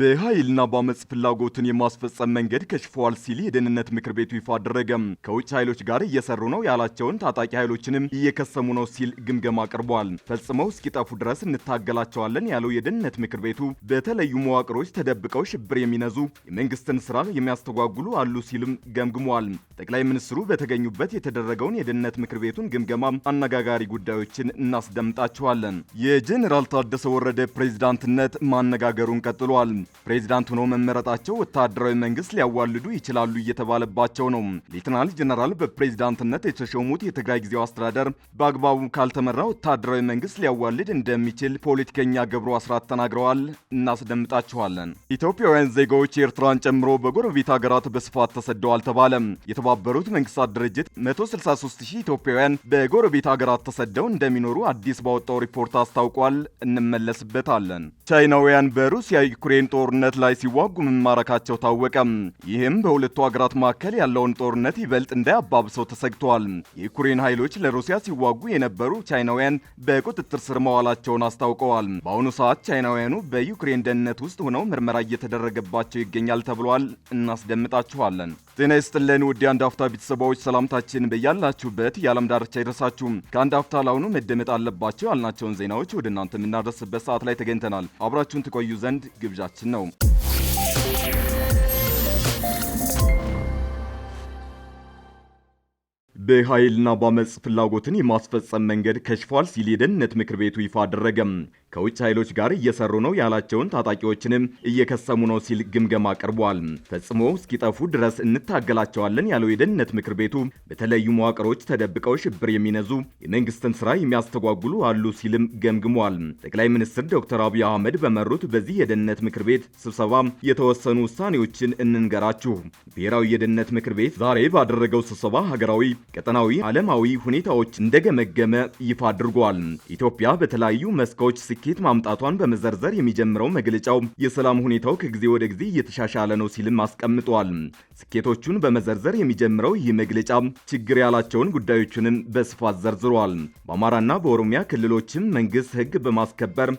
በኃይልና በአመፅ ፍላጎትን የማስፈጸም መንገድ ከሽፈዋል ሲል የደህንነት ምክር ቤቱ ይፋ አደረገ። ከውጭ ኃይሎች ጋር እየሰሩ ነው ያላቸውን ታጣቂ ኃይሎችንም እየከሰሙ ነው ሲል ግምገማ አቅርቧል። ፈጽመው እስኪጠፉ ድረስ እንታገላቸዋለን ያለው የደህንነት ምክር ቤቱ በተለዩ መዋቅሮች ተደብቀው ሽብር የሚነዙ የመንግስትን ስራ የሚያስተጓጉሉ አሉ ሲልም ገምግሟል። ጠቅላይ ሚኒስትሩ በተገኙበት የተደረገውን የደህንነት ምክር ቤቱን ግምገማ አነጋጋሪ ጉዳዮችን እናስደምጣቸዋለን። የጄኔራል ታደሰ ወረደ ፕሬዚዳንትነት ማነጋገሩን ቀጥሏል። ፕሬዚዳንት ሆኖ መመረጣቸው ወታደራዊ መንግስት ሊያዋልዱ ይችላሉ እየተባለባቸው ነው። ሌትናል ጀነራል በፕሬዚዳንትነት የተሾሙት የትግራይ ጊዜው አስተዳደር በአግባቡ ካልተመራ ወታደራዊ መንግስት ሊያዋልድ እንደሚችል ፖለቲከኛ ገብሩ አስራት ተናግረዋል። እናስደምጣችኋለን። ኢትዮጵያውያን ዜጋዎች ኤርትራን ጨምሮ በጎረቤት ሀገራት በስፋት ተሰደዋል ተባለ። የተባበሩት መንግስታት ድርጅት 163 ሺህ ኢትዮጵያውያን በጎረቤት ሀገራት ተሰደው እንደሚኖሩ አዲስ ባወጣው ሪፖርት አስታውቋል። እንመለስበታለን። ቻይናውያን በሩሲያ ዩክሬን ጦርነት ላይ ሲዋጉ መማረካቸው ታወቀ። ይህም በሁለቱ ሀገራት መካከል ያለውን ጦርነት ይበልጥ እንዳያባብሰው ተሰግቷል። የዩክሬን ኃይሎች ለሩሲያ ሲዋጉ የነበሩ ቻይናውያን በቁጥጥር ስር መዋላቸውን አስታውቀዋል። በአሁኑ ሰዓት ቻይናውያኑ በዩክሬን ደህንነት ውስጥ ሆነው ምርመራ እየተደረገባቸው ይገኛል ተብሏል። እናስደምጣችኋለን። ጤና ይስጥልን ውድ አንድ አፍታ ቤተሰባዎች፣ ሰላምታችን በያላችሁበት የዓለም ዳርቻ ይደርሳችሁ። ከአንድ አፍታ ላሁኑ መደመጥ አለባቸው ያልናቸውን ዜናዎች ወደ እናንተ የምናደርስበት ሰዓት ላይ ተገኝተናል። አብራችሁን ትቆዩ ዘንድ ግብዣችን to know. በኃይልና በአመፅ ፍላጎትን የማስፈጸም መንገድ ከሽፏል ሲል የደህንነት ምክር ቤቱ ይፋ አደረገም። ከውጭ ኃይሎች ጋር እየሰሩ ነው ያላቸውን ታጣቂዎችንም እየከሰሙ ነው ሲል ግምገማ አቅርቧል። ፈጽሞ እስኪጠፉ ድረስ እንታገላቸዋለን ያለው የደህንነት ምክር ቤቱ በተለያዩ መዋቅሮች ተደብቀው ሽብር የሚነዙ የመንግስትን ስራ የሚያስተጓጉሉ አሉ ሲልም ገምግሟል። ጠቅላይ ሚኒስትር ዶክተር አብይ አህመድ በመሩት በዚህ የደህንነት ምክር ቤት ስብሰባ የተወሰኑ ውሳኔዎችን እንንገራችሁ። ብሔራዊ የደህንነት ምክር ቤት ዛሬ ባደረገው ስብሰባ ሀገራዊ ቀጠናዊ ዓለማዊ ሁኔታዎች እንደገመገመ ይፋ አድርጓል። ኢትዮጵያ በተለያዩ መስኮች ስኬት ማምጣቷን በመዘርዘር የሚጀምረው መግለጫው የሰላም ሁኔታው ከጊዜ ወደ ጊዜ እየተሻሻለ ነው ሲልም አስቀምጧል። ስኬቶቹን በመዘርዘር የሚጀምረው ይህ መግለጫ ችግር ያላቸውን ጉዳዮችንም በስፋት ዘርዝሯል። በአማራና በኦሮሚያ ክልሎችም መንግስት ህግ በማስከበር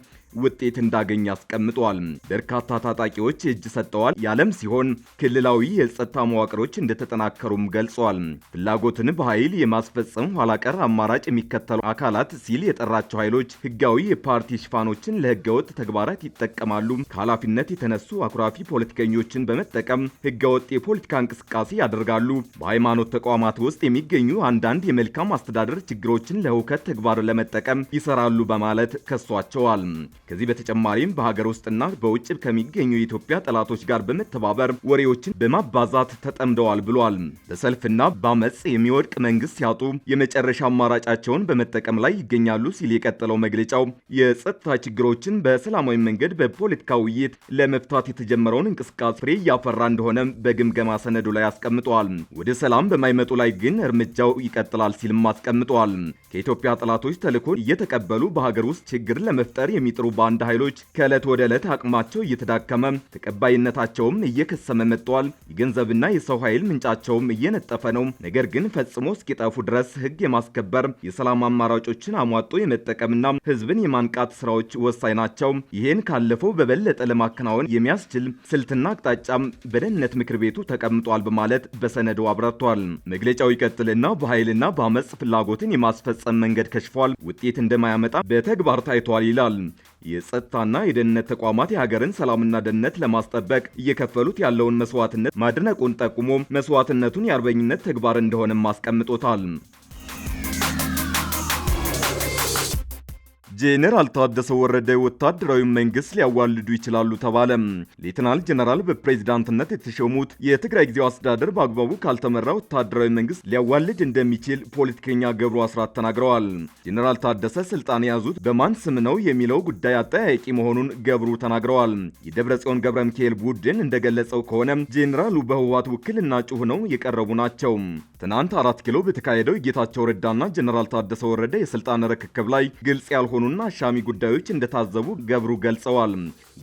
ውጤት እንዳገኝ አስቀምጧል። በርካታ ታጣቂዎች እጅ ሰጥተዋል ያለም ሲሆን ክልላዊ የጸጥታ መዋቅሮች እንደተጠናከሩም ገልጿል። ፍላጎትን በኃይል የማስፈጸም ኋላቀር አማራጭ የሚከተሉ አካላት ሲል የጠራቸው ኃይሎች ህጋዊ የፓርቲ ሽፋኖችን ለህገወጥ ተግባራት ይጠቀማሉ፣ ከኃላፊነት የተነሱ አኩራፊ ፖለቲከኞችን በመጠቀም ህገወጥ የፖለቲካ እንቅስቃሴ ያደርጋሉ፣ በሃይማኖት ተቋማት ውስጥ የሚገኙ አንዳንድ የመልካም አስተዳደር ችግሮችን ለሁከት ተግባር ለመጠቀም ይሰራሉ በማለት ከሷቸዋል። ከዚህ በተጨማሪም በሀገር ውስጥና በውጭ ከሚገኙ የኢትዮጵያ ጠላቶች ጋር በመተባበር ወሬዎችን በማባዛት ተጠምደዋል ብሏል። በሰልፍና በአመፅ የሚወድቅ መንግስት ሲያጡ የመጨረሻ አማራጫቸውን በመጠቀም ላይ ይገኛሉ ሲል የቀጠለው መግለጫው የጸጥታ ችግሮችን በሰላማዊ መንገድ በፖለቲካ ውይይት ለመፍታት የተጀመረውን እንቅስቃሴ ፍሬ እያፈራ እንደሆነ በግምገማ ሰነዱ ላይ አስቀምጠዋል። ወደ ሰላም በማይመጡ ላይ ግን እርምጃው ይቀጥላል ሲልም አስቀምጠዋል። ከኢትዮጵያ ጠላቶች ተልኮ እየተቀበሉ በሀገር ውስጥ ችግር ለመፍጠር የሚጥሩ ባንድ ኃይሎች ከዕለት ወደ ዕለት አቅማቸው እየተዳከመ ተቀባይነታቸውም እየከሰመ መጥቷል። የገንዘብና የሰው ኃይል ምንጫቸውም እየነጠፈ ነው። ነገር ግን ፈጽሞ እስኪጠፉ ድረስ ህግ የማስከበር የሰላም አማራጮችን አሟጦ የመጠቀምና ህዝብን የማንቃት ስራዎች ወሳኝ ናቸው። ይህን ካለፈው በበለጠ ለማከናወን የሚያስችል ስልትና አቅጣጫም በደህንነት ምክር ቤቱ ተቀምጧል በማለት በሰነዱ አብራርቷል። መግለጫው ይቀጥልና በኃይልና በአመፅ ፍላጎትን የማስፈጸም መንገድ ከሽፏል፣ ውጤት እንደማያመጣ በተግባር ታይቷል ይላል። የጸጥታና የደህንነት ተቋማት የሀገርን ሰላምና ደህንነት ለማስጠበቅ እየከፈሉት ያለውን መስዋዕትነት ማድነቁን ጠቁሞ መስዋዕትነቱን የአርበኝነት ተግባር እንደሆነም አስቀምጦታል። ጄኔራል ታደሰ ወረደ ወታደራዊ መንግስት ሊያዋልዱ ይችላሉ ተባለ። ሌተናል ጄኔራል በፕሬዝዳንትነት የተሾሙት የትግራይ ጊዜው አስተዳደር በአግባቡ ካልተመራ ወታደራዊ መንግስት ሊያዋልድ እንደሚችል ፖለቲከኛ ገብሩ አስራት ተናግረዋል። ጄኔራል ታደሰ ስልጣን የያዙት በማን ስም ነው የሚለው ጉዳይ አጠያያቂ መሆኑን ገብሩ ተናግረዋል። የደብረ ጽዮን ገብረ ሚካኤል ቡድን እንደገለጸው ከሆነ ጄኔራሉ በህወሓት ውክልና ጩህ ነው የቀረቡ ናቸው። ትናንት አራት ኪሎ በተካሄደው የጌታቸው ረዳና ጄኔራል ታደሰ ወረደ የስልጣን ርክክብ ላይ ግልጽ ያልሆኑ መሆኑን አሻሚ ጉዳዮች እንደታዘቡ ገብሩ ገልጸዋል።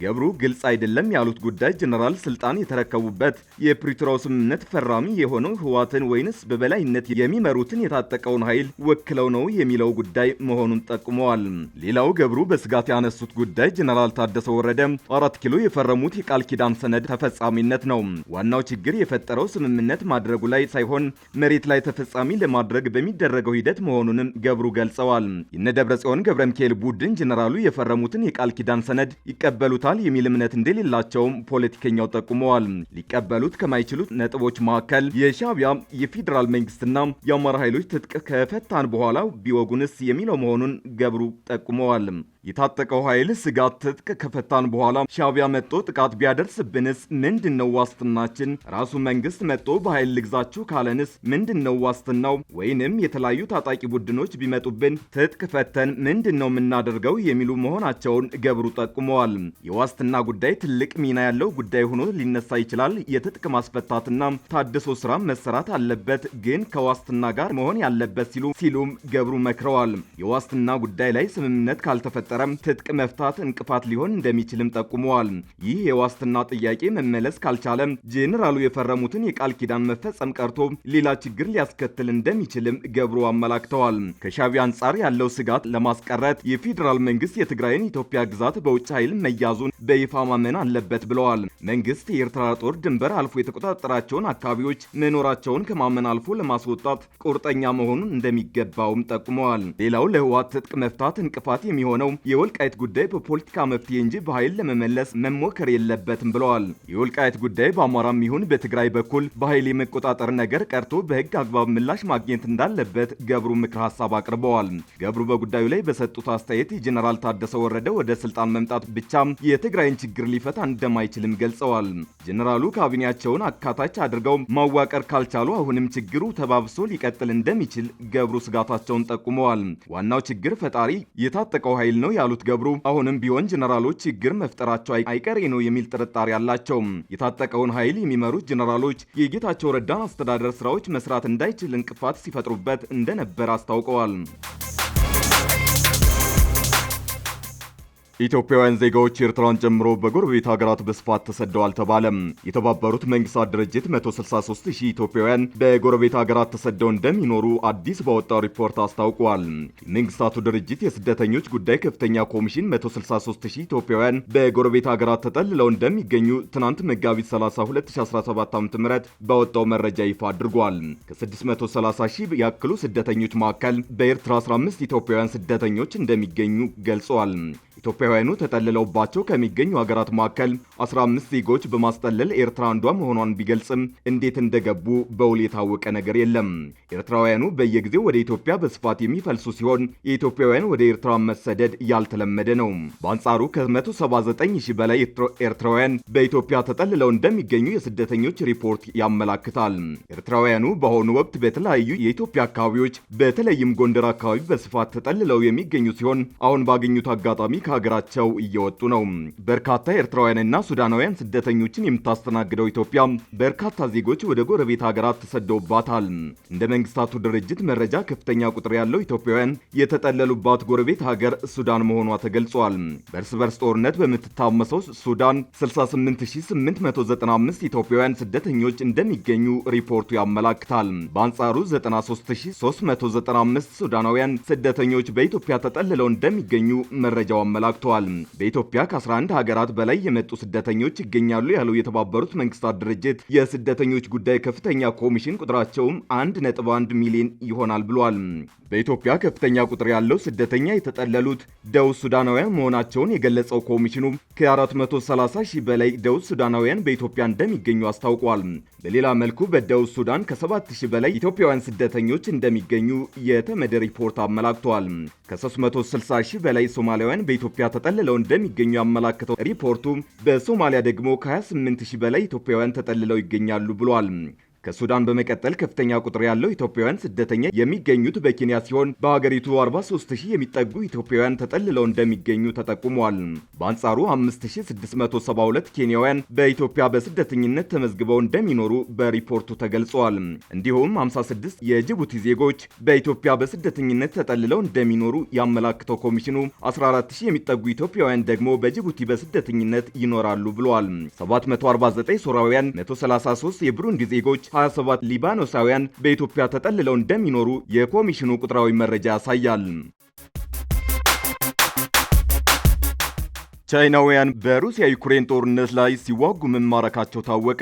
ገብሩ ግልጽ አይደለም ያሉት ጉዳይ ጀነራል ስልጣን የተረከቡበት የፕሪቶሪያው ስምምነት ፈራሚ የሆነው ህዋትን ወይንስ በበላይነት የሚመሩትን የታጠቀውን ኃይል ወክለው ነው የሚለው ጉዳይ መሆኑን ጠቁመዋል። ሌላው ገብሩ በስጋት ያነሱት ጉዳይ ጀነራል ታደሰ ወረደ አራት ኪሎ የፈረሙት የቃል ኪዳን ሰነድ ተፈጻሚነት ነው። ዋናው ችግር የፈጠረው ስምምነት ማድረጉ ላይ ሳይሆን መሬት ላይ ተፈጻሚ ለማድረግ በሚደረገው ሂደት መሆኑንም ገብሩ ገልጸዋል። የነ ደብረ ጽዮን ገብረ ሚካኤል ቡድን ጀነራሉ የፈረሙትን የቃል ኪዳን ሰነድ ይቀበሉታል ይቀበሉታል የሚል እምነት እንደሌላቸውም ፖለቲከኛው ጠቁመዋል። ሊቀበሉት ከማይችሉት ነጥቦች መካከል የሻቢያ የፌዴራል መንግስትና የአማራ ኃይሎች ትጥቅ ከፈታን በኋላ ቢወጉንስ የሚለው መሆኑን ገብሩ ጠቁመዋል። የታጠቀው ኃይል ስጋት ትጥቅ ከፈታን በኋላ ሻቢያ መጦ ጥቃት ቢያደርስብንስ ምንድን ነው ዋስትናችን? ራሱ መንግስት መጦ በኃይል ልግዛችሁ ካለንስ ምንድን ነው ዋስትናው? ወይንም የተለያዩ ታጣቂ ቡድኖች ቢመጡብን ትጥቅ ፈተን ምንድን ነው የምናደርገው የሚሉ መሆናቸውን ገብሩ ጠቁመዋል። የዋስትና ጉዳይ ትልቅ ሚና ያለው ጉዳይ ሆኖ ሊነሳ ይችላል። የትጥቅ ማስፈታትና ታድሶ ስራ መሰራት አለበት፣ ግን ከዋስትና ጋር መሆን ያለበት ሲሉ ሲሉም ገብሩ መክረዋል። የዋስትና ጉዳይ ላይ ስምምነት ካልተፈጠረ ከተፈጠረም ትጥቅ መፍታት እንቅፋት ሊሆን እንደሚችልም ጠቁመዋል። ይህ የዋስትና ጥያቄ መመለስ ካልቻለም ጄኔራሉ የፈረሙትን የቃል ኪዳን መፈጸም ቀርቶ ሌላ ችግር ሊያስከትል እንደሚችልም ገብሩ አመላክተዋል። ከሻቢያ አንጻር ያለው ስጋት ለማስቀረት የፌዴራል መንግስት የትግራይን ኢትዮጵያ ግዛት በውጭ ኃይል መያዙን በይፋ ማመን አለበት ብለዋል። መንግስት የኤርትራ ጦር ድንበር አልፎ የተቆጣጠራቸውን አካባቢዎች መኖራቸውን ከማመን አልፎ ለማስወጣት ቁርጠኛ መሆኑን እንደሚገባውም ጠቁመዋል። ሌላው ለህወሓት ትጥቅ መፍታት እንቅፋት የሚሆነው የወልቃይት ጉዳይ በፖለቲካ መፍትሄ እንጂ በኃይል ለመመለስ መሞከር የለበትም ብለዋል። የወልቃይት ጉዳይ በአማራም ይሁን በትግራይ በኩል በኃይል የመቆጣጠር ነገር ቀርቶ በህግ አግባብ ምላሽ ማግኘት እንዳለበት ገብሩ ምክር ሀሳብ አቅርበዋል። ገብሩ በጉዳዩ ላይ በሰጡት አስተያየት የጀኔራል ታደሰ ወረደ ወደ ስልጣን መምጣት ብቻም የትግራይን ችግር ሊፈታ እንደማይችልም ገልጸዋል። ጀኔራሉ ካቢኔያቸውን አካታች አድርገው ማዋቀር ካልቻሉ አሁንም ችግሩ ተባብሶ ሊቀጥል እንደሚችል ገብሩ ስጋታቸውን ጠቁመዋል። ዋናው ችግር ፈጣሪ የታጠቀው ኃይል ነው ያሉት ገብሩ አሁንም ቢሆን ጀነራሎች ችግር መፍጠራቸው አይቀሬ ነው የሚል ጥርጣሬ አላቸው። የታጠቀውን ኃይል የሚመሩት ጀነራሎች የጌታቸው ረዳን አስተዳደር ስራዎች መስራት እንዳይችል እንቅፋት ሲፈጥሩበት እንደነበር አስታውቀዋል። ኢትዮጵያውያን ዜጋዎች ኤርትራን ጨምሮ በጎረቤት ሀገራት በስፋት ተሰደዋል ተባለም። የተባበሩት መንግስታት ድርጅት 163 ሺህ ኢትዮጵያውያን በጎረቤት ሀገራት ተሰደው እንደሚኖሩ አዲስ ባወጣው ሪፖርት አስታውቋል። መንግስታቱ ድርጅት የስደተኞች ጉዳይ ከፍተኛ ኮሚሽን 163 ሺህ ኢትዮጵያውያን በጎረቤት ሀገራት ተጠልለው እንደሚገኙ ትናንት መጋቢት 30 2017 ዓ.ም ባወጣው መረጃ ይፋ አድርጓል። ከ630 ሺህ ያክሉ ስደተኞች መካከል በኤርትራ 15 ኢትዮጵያውያን ስደተኞች እንደሚገኙ ገልጿል። ኢትዮጵያውያኑ ተጠልለውባቸው ከሚገኙ ሀገራት መካከል 15 ዜጎች በማስጠለል ኤርትራ አንዷ መሆኗን ቢገልጽም እንዴት እንደገቡ በውል የታወቀ ነገር የለም። ኤርትራውያኑ በየጊዜው ወደ ኢትዮጵያ በስፋት የሚፈልሱ ሲሆን የኢትዮጵያውያን ወደ ኤርትራ መሰደድ ያልተለመደ ነው። በአንጻሩ ከ179 ሺህ በላይ ኤርትራውያን በኢትዮጵያ ተጠልለው እንደሚገኙ የስደተኞች ሪፖርት ያመላክታል። ኤርትራውያኑ በአሁኑ ወቅት በተለያዩ የኢትዮጵያ አካባቢዎች በተለይም ጎንደር አካባቢ በስፋት ተጠልለው የሚገኙ ሲሆን አሁን ባገኙት አጋጣሚ ከሀገራቸው እየወጡ ነው። በርካታ ኤርትራውያንና ሱዳናውያን ስደተኞችን የምታስተናግደው ኢትዮጵያ በርካታ ዜጎች ወደ ጎረቤት ሀገራት ተሰደውባታል። እንደ መንግስታቱ ድርጅት መረጃ ከፍተኛ ቁጥር ያለው ኢትዮጵያውያን የተጠለሉባት ጎረቤት ሀገር ሱዳን መሆኗ ተገልጿል። በእርስ በርስ ጦርነት በምትታመሰው ሱዳን 68895 ኢትዮጵያውያን ስደተኞች እንደሚገኙ ሪፖርቱ ያመላክታል። በአንጻሩ 93395 ሱዳናውያን ስደተኞች በኢትዮጵያ ተጠልለው እንደሚገኙ መረጃው አመላክተዋል። በኢትዮጵያ ከ11 ሀገራት በላይ የመጡ ስደተኞች ይገኛሉ ያለው የተባበሩት መንግስታት ድርጅት የስደተኞች ጉዳይ ከፍተኛ ኮሚሽን ቁጥራቸውም 1.1 ሚሊዮን ይሆናል ብሏል። በኢትዮጵያ ከፍተኛ ቁጥር ያለው ስደተኛ የተጠለሉት ደቡብ ሱዳናውያን መሆናቸውን የገለጸው ኮሚሽኑ ከ430 ሺህ በላይ ደቡብ ሱዳናውያን በኢትዮጵያ እንደሚገኙ አስታውቋል። በሌላ መልኩ በደቡብ ሱዳን ከ7 በላይ ኢትዮጵያውያን ስደተኞች እንደሚገኙ የተመደ ሪፖርት አመላክተዋል። ከ360 ሺህ በላይ ሶማሊያውያን በኢትዮጵያ ተጠልለው እንደሚገኙ ያመላከተው ሪፖርቱ በሶማሊያ ደግሞ ከ28 ሺህ በላይ ኢትዮጵያውያን ተጠልለው ይገኛሉ ብሏል። ከሱዳን በመቀጠል ከፍተኛ ቁጥር ያለው ኢትዮጵያውያን ስደተኛ የሚገኙት በኬንያ ሲሆን በሀገሪቱ 43 የሚጠጉ ኢትዮጵያውያን ተጠልለው እንደሚገኙ ተጠቁመዋል። በአንጻሩ 5672 ኬንያውያን በኢትዮጵያ በስደተኝነት ተመዝግበው እንደሚኖሩ በሪፖርቱ ተገልጿል። እንዲሁም 56 የጅቡቲ ዜጎች በኢትዮጵያ በስደተኝነት ተጠልለው እንደሚኖሩ ያመላክተው ኮሚሽኑ 140 የሚጠጉ ኢትዮጵያውያን ደግሞ በጅቡቲ በስደተኝነት ይኖራሉ ብሏል። 749 ሶራውያን፣ 133 የብሩንዲ ዜጎች፣ 27 ሊባኖሳውያን በኢትዮጵያ ተጠልለው እንደሚኖሩ የኮሚሽኑ ቁጥራዊ መረጃ ያሳያል። ቻይናውያን በሩሲያ ዩክሬን ጦርነት ላይ ሲዋጉ መማረካቸው ታወቀ።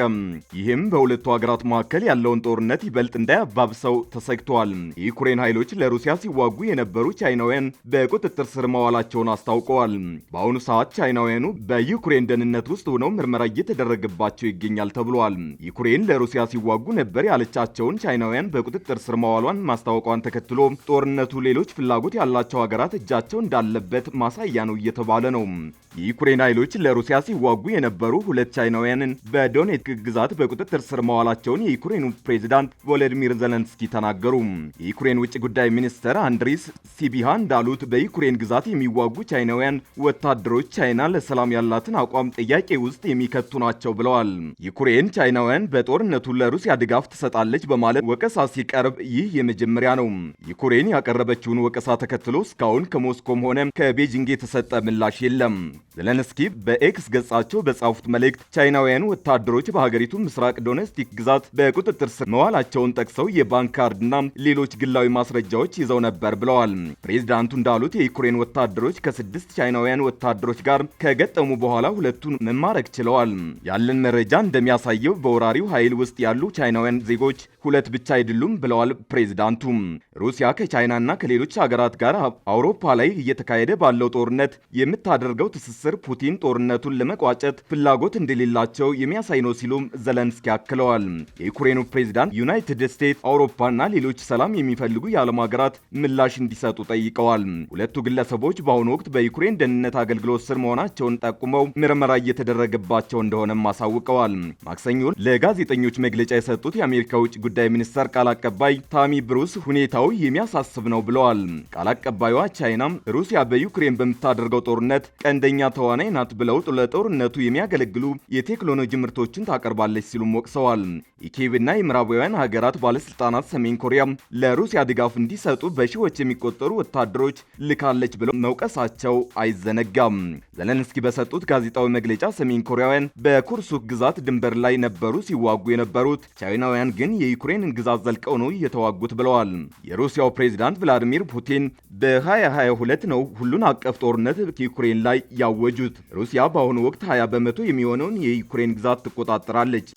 ይህም በሁለቱ ሀገራት መካከል ያለውን ጦርነት ይበልጥ እንዳያባብሰው ተሰግቷል። የዩክሬን ኃይሎች ለሩሲያ ሲዋጉ የነበሩ ቻይናውያን በቁጥጥር ስር መዋላቸውን አስታውቀዋል። በአሁኑ ሰዓት ቻይናውያኑ በዩክሬን ደህንነት ውስጥ ሆነው ምርመራ እየተደረገባቸው ይገኛል ተብሏል። ዩክሬን ለሩሲያ ሲዋጉ ነበር ያለቻቸውን ቻይናውያን በቁጥጥር ስር መዋሏን ማስታወቋን ተከትሎ ጦርነቱ ሌሎች ፍላጎት ያላቸው ሀገራት እጃቸው እንዳለበት ማሳያ ነው እየተባለ ነው። የዩክሬን ኃይሎች ለሩሲያ ሲዋጉ የነበሩ ሁለት ቻይናውያንን በዶኔትስክ ግዛት በቁጥጥር ስር መዋላቸውን የዩክሬኑ ፕሬዚዳንት ቮሎዲሚር ዘለንስኪ ተናገሩ። የዩክሬን ውጭ ጉዳይ ሚኒስትር አንድሪስ ሲቢሃ እንዳሉት በዩክሬን ግዛት የሚዋጉ ቻይናውያን ወታደሮች ቻይና ለሰላም ያላትን አቋም ጥያቄ ውስጥ የሚከቱ ናቸው ብለዋል። ዩክሬን ቻይናውያን በጦርነቱ ለሩሲያ ድጋፍ ትሰጣለች በማለት ወቀሳ ሲቀርብ ይህ የመጀመሪያ ነው። ዩክሬን ያቀረበችውን ወቀሳ ተከትሎ እስካሁን ከሞስኮም ሆነ ከቤጂንግ የተሰጠ ምላሽ የለም። ዘለንስኪ በኤክስ ገጻቸው በጻፉት መልእክት ቻይናውያኑ ወታደሮች በሀገሪቱ ምስራቅ ዶኔስቲክ ግዛት በቁጥጥር ስር መዋላቸውን ጠቅሰው የባንክ ካርድና ሌሎች ግላዊ ማስረጃዎች ይዘው ነበር ብለዋል። ፕሬዚዳንቱ እንዳሉት የዩክሬን ወታደሮች ከስድስት ቻይናውያን ወታደሮች ጋር ከገጠሙ በኋላ ሁለቱን መማረክ ችለዋል። ያለን መረጃ እንደሚያሳየው በወራሪው ኃይል ውስጥ ያሉ ቻይናውያን ዜጎች ሁለት ብቻ አይደሉም ብለዋል ፕሬዚዳንቱ። ሩሲያ ከቻይናና ከሌሎች ሀገራት ጋር አውሮፓ ላይ እየተካሄደ ባለው ጦርነት የምታደርገው ትስስር ትስስር ፑቲን ጦርነቱን ለመቋጨት ፍላጎት እንደሌላቸው የሚያሳይ ነው ሲሉም ዘለንስኪ አክለዋል። የዩክሬኑ ፕሬዚዳንት ዩናይትድ ስቴትስ፣ አውሮፓና ሌሎች ሰላም የሚፈልጉ የዓለም ሀገራት ምላሽ እንዲሰጡ ጠይቀዋል። ሁለቱ ግለሰቦች በአሁኑ ወቅት በዩክሬን ደህንነት አገልግሎት ስር መሆናቸውን ጠቁመው ምርመራ እየተደረገባቸው እንደሆነም አሳውቀዋል። ማክሰኞ ለጋዜጠኞች መግለጫ የሰጡት የአሜሪካ ውጭ ጉዳይ ሚኒስተር ቃል አቀባይ ታሚ ብሩስ ሁኔታው የሚያሳስብ ነው ብለዋል። ቃል አቀባዩዋ ቻይና ሩሲያ በዩክሬን በምታደርገው ጦርነት ቀንደኛ ተዋናይ ናት ብለው ለጦርነቱ የሚያገለግሉ የቴክኖሎጂ ምርቶችን ታቀርባለች ሲሉም ወቅሰዋል። የኬብና የምዕራባውያን ሀገራት ባለስልጣናት ሰሜን ኮሪያ ለሩሲያ ድጋፍ እንዲሰጡ በሺዎች የሚቆጠሩ ወታደሮች ልካለች ብለው መውቀሳቸው አይዘነጋም። ዘለንስኪ በሰጡት ጋዜጣዊ መግለጫ ሰሜን ኮሪያውያን በኩርሱክ ግዛት ድንበር ላይ ነበሩ ሲዋጉ የነበሩት፣ ቻይናውያን ግን የዩክሬንን ግዛት ዘልቀው ነው እየተዋጉት ብለዋል። የሩሲያው ፕሬዚዳንት ቭላዲሚር ፑቲን በ2022 ነው ሁሉን አቀፍ ጦርነት ዩክሬን ላይ ያወ ያወጁት። ሩሲያ በአሁኑ ወቅት 20 በመቶ የሚሆነውን የዩክሬን ግዛት ትቆጣጠራለች።